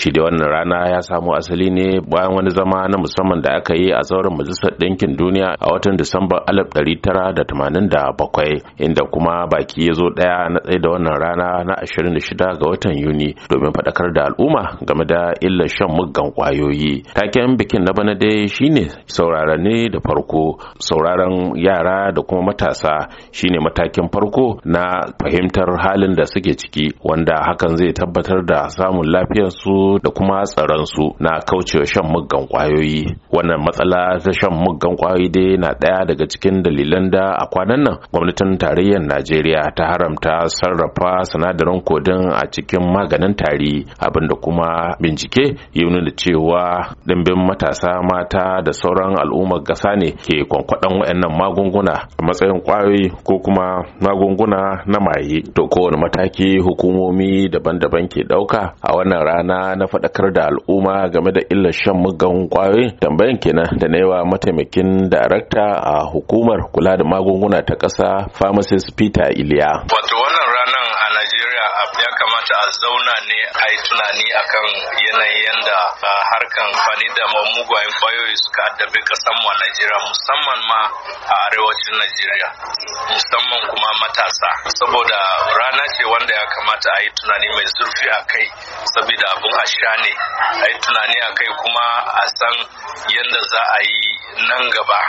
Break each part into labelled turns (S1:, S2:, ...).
S1: shi da wannan rana ya samo asali ne bayan wani zama na musamman da aka yi a sauran majalisar ɗinkin duniya a watan disamba 1987 inda kuma baki ya zo ɗaya na tsaye da wannan rana na 26 ga watan yuni domin faɗakar da al'umma game da illar shan muggan kwayoyi. taken bikin na bana dai shine ne da farko sauraron yara da kuma matasa shine matakin farko na fahimtar halin da suke ciki wanda hakan zai tabbatar da samun lafiyar su. da kuma tsaron su na kaucewa shan muggan kwayoyi wannan matsala ta shan muggan kwayoyi dai na ɗaya daga cikin dalilan da a kwanan nan gwamnatin tarayyar najeriya ta haramta sarrafa sinadarin kodin a cikin maganin tari da kuma bincike ya nuna cewa ɗimbin matasa mata da sauran al'ummar gasa ne ke kwankwaɗan waɗannan magunguna a matsayin kwayoyi ko kuma magunguna na maye to kowane mataki hukumomi daban-daban ke ɗauka a wannan rana na faɗakar da al'umma game da illar shan mugan kwayoyi tambayan kenan da na yawa mataimakin darakta a hukumar kula da magunguna ta ƙasa pharmacist peter iliya
S2: wato wannan ranar a najeriya ya kamata a zauna ne a yi tunani akan yanayin yadda harkan fani da mugayen kwayoyi suka addabi kasan mu a Najeriya musamman ma a arewacin Najeriya musamman kuma matasa saboda rana ce wanda ya kamata a yi tunani mai zurfi a kai saboda abin a sha ne a yi tunani a kai kuma a san yadda za a yi nan gaba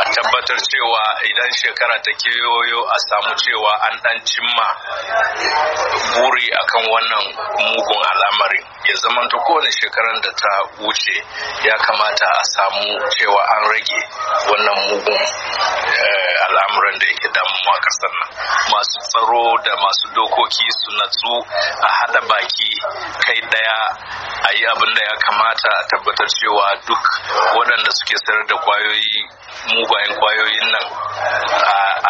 S2: a tabbatar cewa idan shekara ta yoyo, a samu cewa an dan cimma buri akan wannan mugun al'amari ya zama zamanta kowane shekarar da ta wuce ya kamata a samu cewa an rage wannan mugun Eh, al'amuran da yake damuwa a kasar nan masu tsaro da masu dokoki su natsu a hada baki kai daya a yi abin da ya kamata a tabbatar cewa duk waɗanda suke sayar da kwayoyi mugayen kwayoyin nan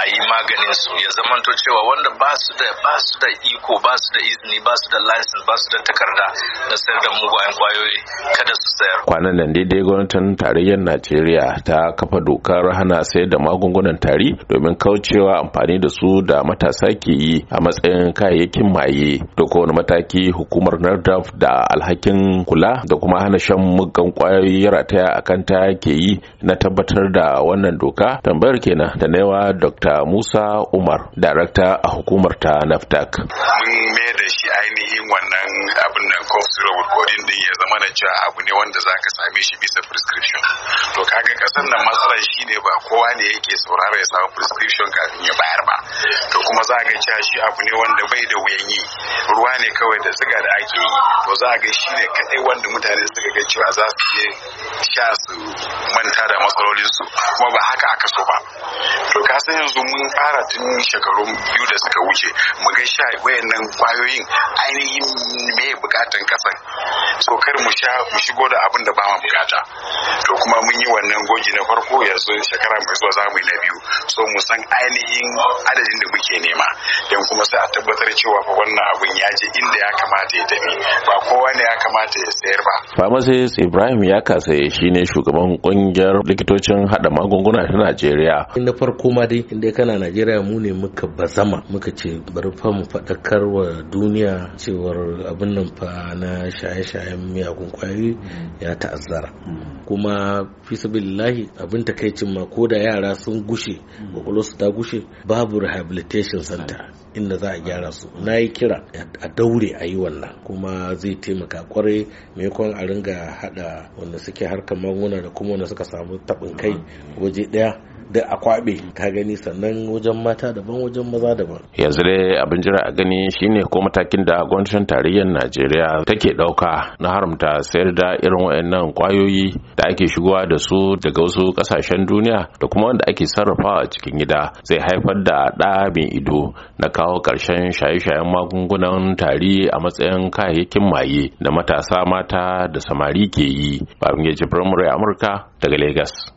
S2: a yi maganin su ya zamanto cewa wanda ba su da ba su da iko ba su da izini ba su da license ba su da takarda na sayar da mugayen kwayoyi kada su sayar
S1: kwanan nan daidai gwamnatin tarayyar Najeriya ta kafa dokar hana sayar da magungunan tari domin kaucewa amfani da su da matasa ke yi a matsayin kayayyakin maye da kowane mataki hukumar NARDAF da alhakin kula da kuma hana shan muggan kwayoyi rataya a kanta ke yi na tabbatar da wannan doka tambayar kenan da naiwa dr musa umar darakta a hukumar ta naftak
S3: da shi ainihin wannan kodin din ya zama cewa abu ne wanda zaka same shi bisa prescription to kaga kasar nan matsalar shine ba kowa ne yake saurara ya samu prescription kafin ya bayar ba to kuma za ga cewa shi abu ne wanda bai da wuyan yi ruwa ne kawai da siga da ake yi to za ga shi ne kaɗai wanda mutane suka ga cewa za su iya sha su manta da matsalolinsu kuma ba haka aka so ba to ka san yanzu mun fara tun shekarun biyu da suka wuce mu ga sha wayannan kwayoyin ainihin me bukatan kasan so kar mu sha mu shigo da abin da ba mu bukata to kuma mun yi wannan goji na farko yanzu shekara mai zuwa za mu yi na biyu so mu san ainihin adadin da muke nema don kuma sai a tabbatar cewa fa wannan abin ya je inda ya kamata ya tafi ba kowa ne ya kamata
S1: kamata ya sayar ba. Pharmacist Ibrahim ya kasaye shi ne shugaban kungiyar likitocin hada magunguna ta Najeriya.
S4: Na farko ma dai inda kana Najeriya mu ne muka bazama muka ce bari fa mu faɗakar wa duniya cewar abin nan fa na shaye-shayen miyagun kwayoyi ya ta'azzara. Kuma sabilillahi abin takaicin ma ko da yara sun gushe su ta gushe babu rehabilitation center inda za a gyara su na yi kira a daure a yi wannan kuma zai taimaka kwarai aure maimakon a ringa hada wanda suke harkar magunguna da kuma wanda suka samu tabin kai mm-hmm. waje daya da a kwabe ka gani sannan wajen mata daban wajen maza daban
S1: yanzu dai abin jira a gani shine ko matakin da gwamnatin tarayyar najeriya take dauka na haramta sayar da irin wayannan kwayoyi da ake shigowa da su daga wasu kasashen duniya da kuma wanda ake sarrafawa a cikin gida zai haifar da ɗabin ido na kawo ƙarshen shaye-shayen magungunan tari a matsayin kayayyakin maye
S2: da mata matasa mata da samari ke yi ba ya ci firamare amurka daga Legas.